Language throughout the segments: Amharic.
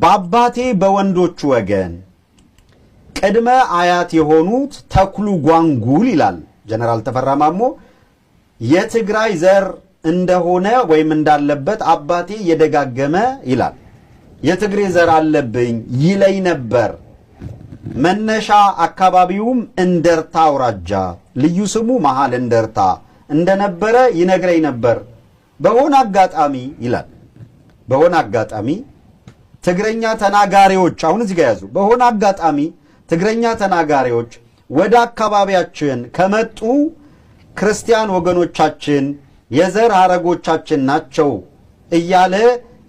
በአባቴ በወንዶች ወገን ቅድመ አያት የሆኑት ተኩሉ ጓንጉል ይላል ጀነራል ተፈራ ማሞ የትግራይ ዘር እንደሆነ ወይም እንዳለበት አባቴ የደጋገመ ይላል። የትግሬ ዘር አለብኝ ይለይ ነበር። መነሻ አካባቢውም እንደርታ አውራጃ፣ ልዩ ስሙ መሃል እንደርታ እንደነበረ ይነግረኝ ነበር። በሆነ አጋጣሚ ይላል በሆነ አጋጣሚ ትግረኛ ተናጋሪዎች አሁን እዚህ ጋር ያዙ። በሆነ አጋጣሚ ትግረኛ ተናጋሪዎች ወደ አካባቢያችን ከመጡ ክርስቲያን ወገኖቻችን የዘር ሐረጎቻችን ናቸው እያለ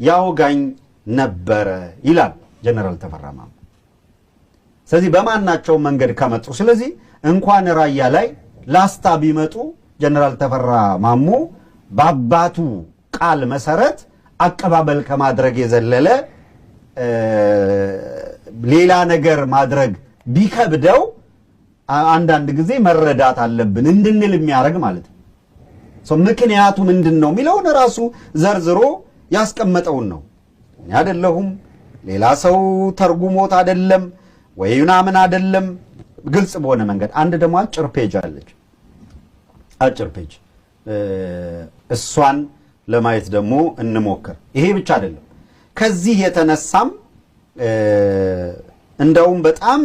ያወጋኝ ነበረ ይላል ጀነራል ተፈራ ማሞ። ስለዚህ በማናቸውም መንገድ ከመጡ ስለዚህ እንኳን ራያ ላይ ላስታ ቢመጡ ጀነራል ተፈራ ማሞ በአባቱ ቃል መሰረት አቀባበል ከማድረግ የዘለለ ሌላ ነገር ማድረግ ቢከብደው አንዳንድ ጊዜ መረዳት አለብን እንድንል የሚያደርግ ማለት ነው። ምክንያቱ ምንድን ነው የሚለውን ራሱ ዘርዝሮ ያስቀመጠውን ነው። እኔ አይደለሁም፣ ሌላ ሰው ተርጉሞት አይደለም ወይ ምናምን አይደለም። ግልጽ በሆነ መንገድ አንድ ደግሞ አጭር ፔጅ አለች፣ አጭር ፔጅ እሷን ለማየት ደግሞ እንሞክር። ይሄ ብቻ አይደለም ከዚህ የተነሳም እንደውም በጣም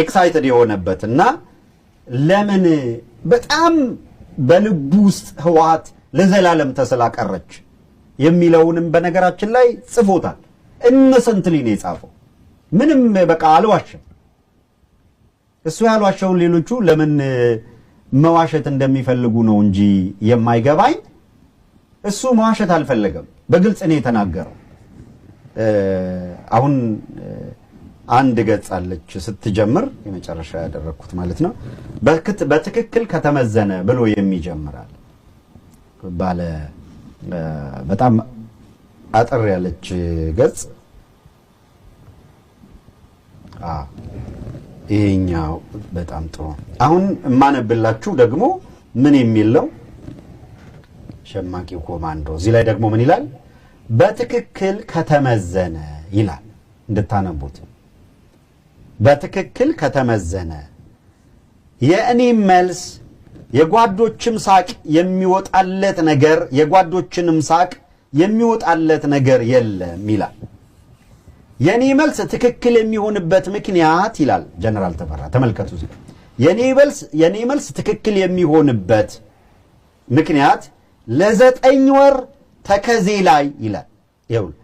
ኤክሳይትድ የሆነበት እና ለምን በጣም በልቡ ውስጥ ህወሀት ለዘላለም ተስላ ቀረች የሚለውንም በነገራችን ላይ ጽፎታል። ኢነሰንትሊ ነው የጻፈው። ምንም በቃ አልዋሸም። እሱ ያልዋሸውን ሌሎቹ ለምን መዋሸት እንደሚፈልጉ ነው እንጂ የማይገባኝ። እሱ መዋሸት አልፈለገም። በግልጽ እኔ የተናገረው። አሁን አንድ ገጽ አለች ስትጀምር፣ የመጨረሻ ያደረግኩት ማለት ነው። በትክክል ከተመዘነ ብሎ የሚጀምራል ባለ በጣም አጠር ያለች ገጽ ይሄኛው በጣም ጥሩ። አሁን የማነብላችሁ ደግሞ ምን የሚል ነው ሸማቂው ኮማንዶ እዚህ ላይ ደግሞ ምን ይላል? በትክክል ከተመዘነ ይላል እንድታነቡት። በትክክል ከተመዘነ የእኔም መልስ የጓዶችም ሳቅ የሚወጣለት ነገር የጓዶችንም ሳቅ የሚወጣለት ነገር የለም ይላል። የእኔ መልስ ትክክል የሚሆንበት ምክንያት ይላል ጀነራል ተፈራ ተመልከቱ። የእኔ መልስ ትክክል የሚሆንበት ምክንያት ለዘጠኝ ወር ተከዜ ላይ ይላል። ይኸውልህ